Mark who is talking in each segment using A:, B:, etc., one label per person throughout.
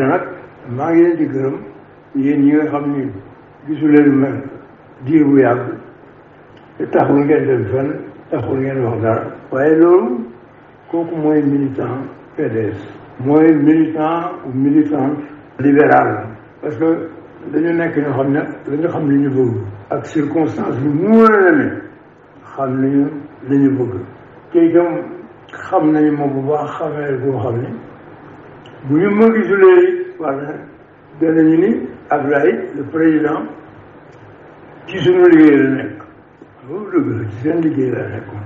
A: te nag maa ngi leen di gërëm yéen nga xam ni gisuleen ma diir bu yàgg te taxul ngeen dem taxul ngeen wax dara waaye loolu kooku mooy militant PDS mooy militant ou militante libéral parce que dañu nekk ñoo xam ne dañu xam li ñu bëgg ak circonstance bi mu mën a demee xam nañu li ñu bëgg te itam xam nañu moom bu baax xamee boo xam ne bu ñu mëngi julee wala danañu ni Ablaye le président ci suñu liggéey la nekk loolu dëgg la ci seen liggéey la nekkoon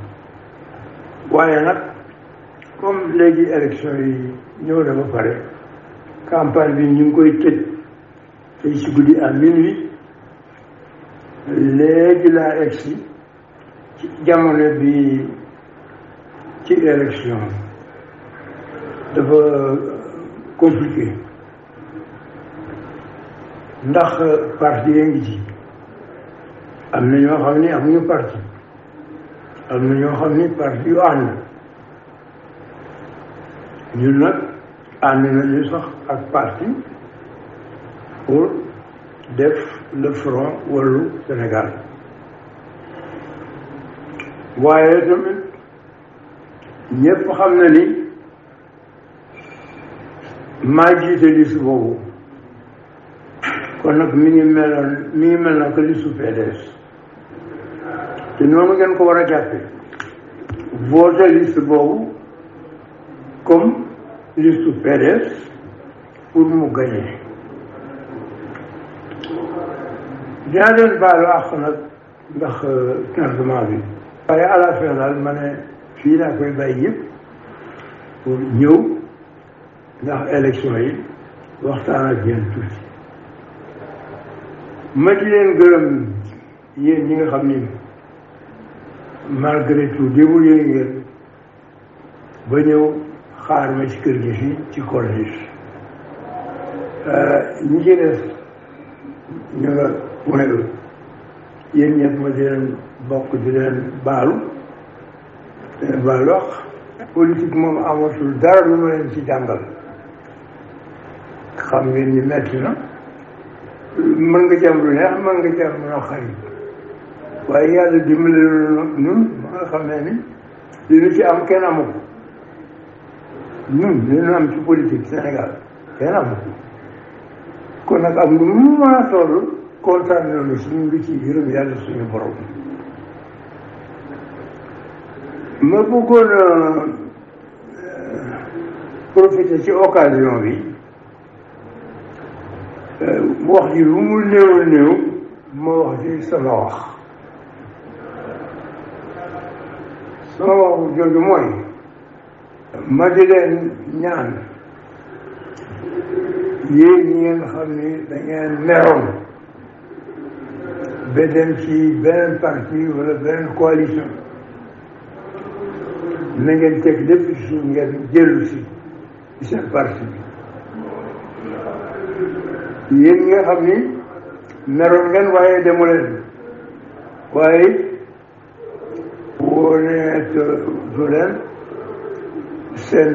A: waaye nag comme léegi élection yi ñëw na pare campagne bi ñu ngi koy tëj tey guddi à minuit léegi laa egsi ci jamono bi ci élection dafa compliqué ndax euh, parti yaa ngi ci am na ñoo xam ne amuñu parti am na ñoo xam ne parti yu ànd ñun nag ànd nañu sax ak parti pour def le front Wallu Sénégal waaye tamit ñëpp xam na ni maa jiite liste boobu kon nag mi ngi mi ngi mel na que liste PDS te noonu ngeen ko war a jàppe voté liste boobu comme liste PDS pour mu gagné dinaa leen baalu nag ndax tardement euh, bi waaye à la daal ma ne fii laa koy bàyyi yëpp pour ñëw ndax élection yi waxtaan ak yéen tuuti ma di leen gërëm yéen ñi nga xam ni malgré tout débrouillé ngeen ba ñëw xaar ma ci kër gi fii ci collège euh, ñi ci des ñu nga moytu yéen ñëpp ma di leen bokk di leen baalu baalu wax politique moom amatul dara lu ma leen ci jàngal xam ngeen ni metti na mën nga ci am lu neex mën nga ci am lu waaye yàlla dimbali ñun ba nga xam ne ni li ñu ci am kenn amu ko li ñu am ci politique Sénégal kenn amu kon nag am lu mu mën a toll kontaan suñu ngi ci yërëm yàlla suñu borom ma bëggoon euh, profité ci occasion bi Euh, wax ji lu mu néew néew ma wax ji sama wax sama ma di leen ñaan yéen ñi ngeen xam ni da ngeen meroon ba dem ci beneen parti wala beneen coalition na ngeen teg lépp si ngeen jëlu si seen parti yéen ñi nga xam ni meroon ngeen waaye demu leen waaye wone du leen seen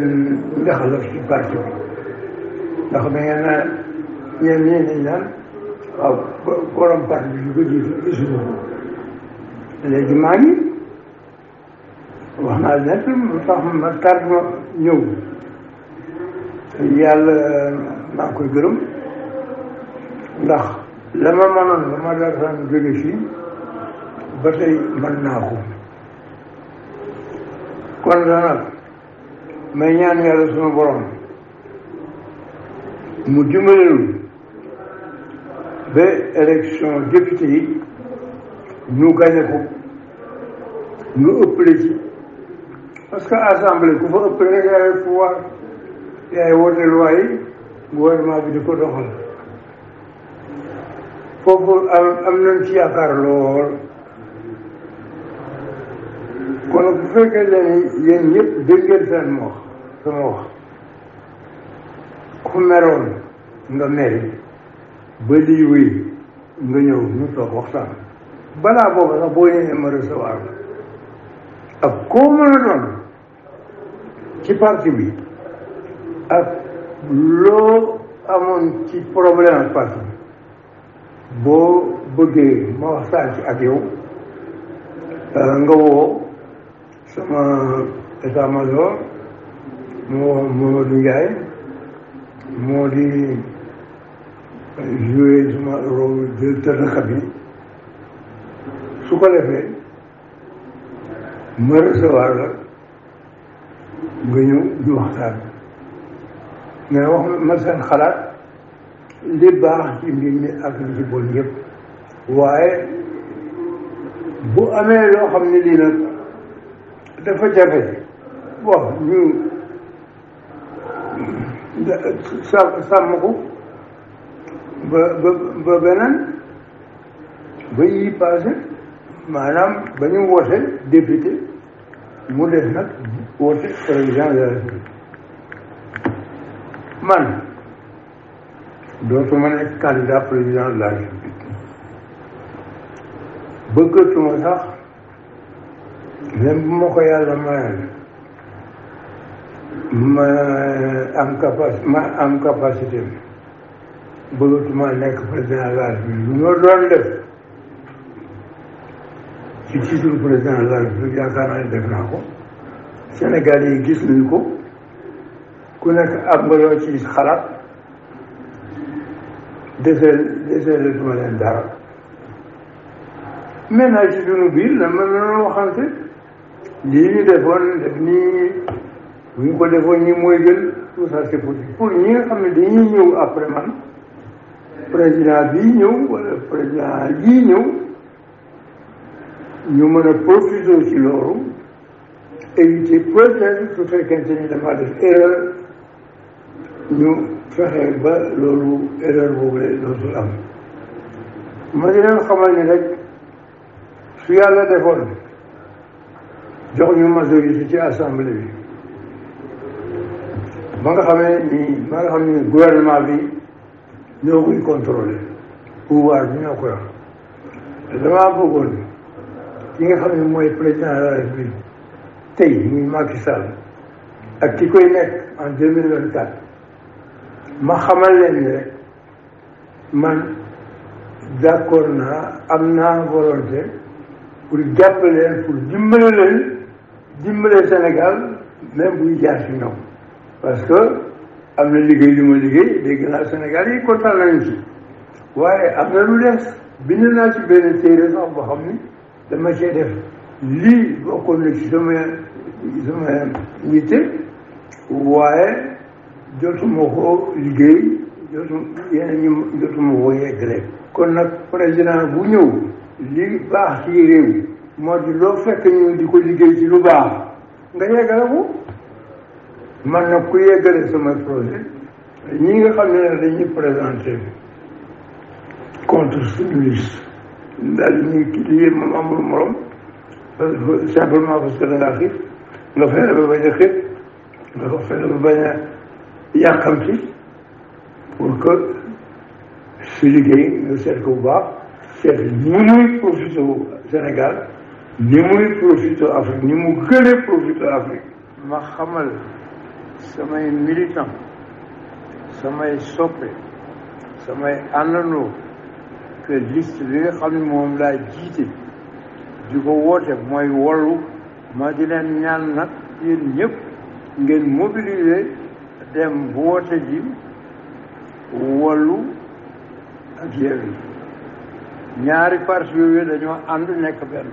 A: ndax la ci parti ndax da ngeen na ñeen ñii nañ naan waaw borom parti bi ñu ko jiitu gisuñu ko léegi maa ngi wax naa nekk lu tax ma tardma ñëw yàlla maa ngi koy gërëm ndax la ma mënoon la ma daataan jóge fii ba tey naa ko kon daanaka may ñaan yàlla sunu borom mu dimbalelu ba élection député yi ñu gañe ko ñu ëppale parce que assemblée ku fa ëppale rek yaay pouvoir yaay wote loi yi gouvernement bi kooku am am nañ ci yaakaar lool kon bu fekkee ne yéen ñëpp déggeen seen ma wax sama wax ku meroon nga meri ba lii wéy nga ñëw ñu toog waxtaan balaa booba sax boo ñëwee ma recevoir ak koo mën ci parti bi ak loo amoon ci problème ak boo bëggee ma waxtaan ci ak yow euh, nga woo sama état major mu woo Mamadou moo di joué sama rôle de tërëxa bi su ko defee ma recevoir la nga ñëw di waxtaan mais wax ma seen xalaat li baax ci mbir mi ak li ci bon yëpp waaye bu amee loo xam ne lii nag dafa jafe bon ñu sàmm ko ba ba ba beneen ba yi passé maanaam ba mu def nag woote président de la République man dootuma nekk candidat président de la république bëggatuma sax même bu ma ko yàlla mayal ma am capacité ma am capacité bëggatuma nekk président de la république ñoo doon def ci titre président de la république yaakaar naa ne def naa ko Sénégal yi gis nañu ko ku nekk am nga loo ci xalaat deseel deseel duma leen dara maintenant ci sunu biir la ma noonu waxante lii ñu defoon def nii bu ñu defoon ñi mooy gën tout ça c'est possible pour ñi nga xam ne dañuy ñëw après man président bii ñëw wala président yii ñëw ñu mën a profité ci loolu éviter su fekkente ni dafa def erreur ñu fexe ba loolu erreur boobu la dootul am ma di leen xamal ni rek su defoon jox ñu majorité ci assemblée bi ba nga xamee ni ba nga xam ni gouvernement bi ñoo koy contrôlé pouvoir bi ñoo ko yor te damaa bëggoon ki nga xam ne mooy président de la république tey muy Macky Sall ak ki koy nekk en deux mille vingt quatre ma xamal leen ni man d'accord naa am naa volonté pour jàppale leen pour dimbale leen dimbale Sénégal même buy jaar ci ñoom parce que am na liggéey yu ma liggéey dégg a Sénégal yi kontaan nañu ci waaye am na lu des bind naa ci benn téere sax boo xam ni dama cee def lii bokkoon na ci sama sama yitte waaye jotuma ko liggéey jotuma ko yeggale kon nag président bu ñëw li baax ci réew moo di loo fekk ñu di ko liggéey ci lu baax nga yeggale ko man nag ku yeggale sama projet ñi nga xam ne dañuy présenté contre suñu liste daal ñuy lii moom amul morom simplement parce que da ngaa xiif nga fexe ba bañ a xiif nga fexe ba bañ a yàkkamti pour que su liggéey ñu seet ko baax seet ni muy profité Sénégal ni muy profité Afrique ni mu gën a profité ma xamal samay militant samay soppe samay àndandoo que liste bi nga xam ne moom laa jiite di ko woote mooy wollu ma di leen ñaan nag yéen ñëpp ngeen mobiliser dem woote ji wallu ak Yewwi ñaari parti yooyu dañoo ànd nekk benn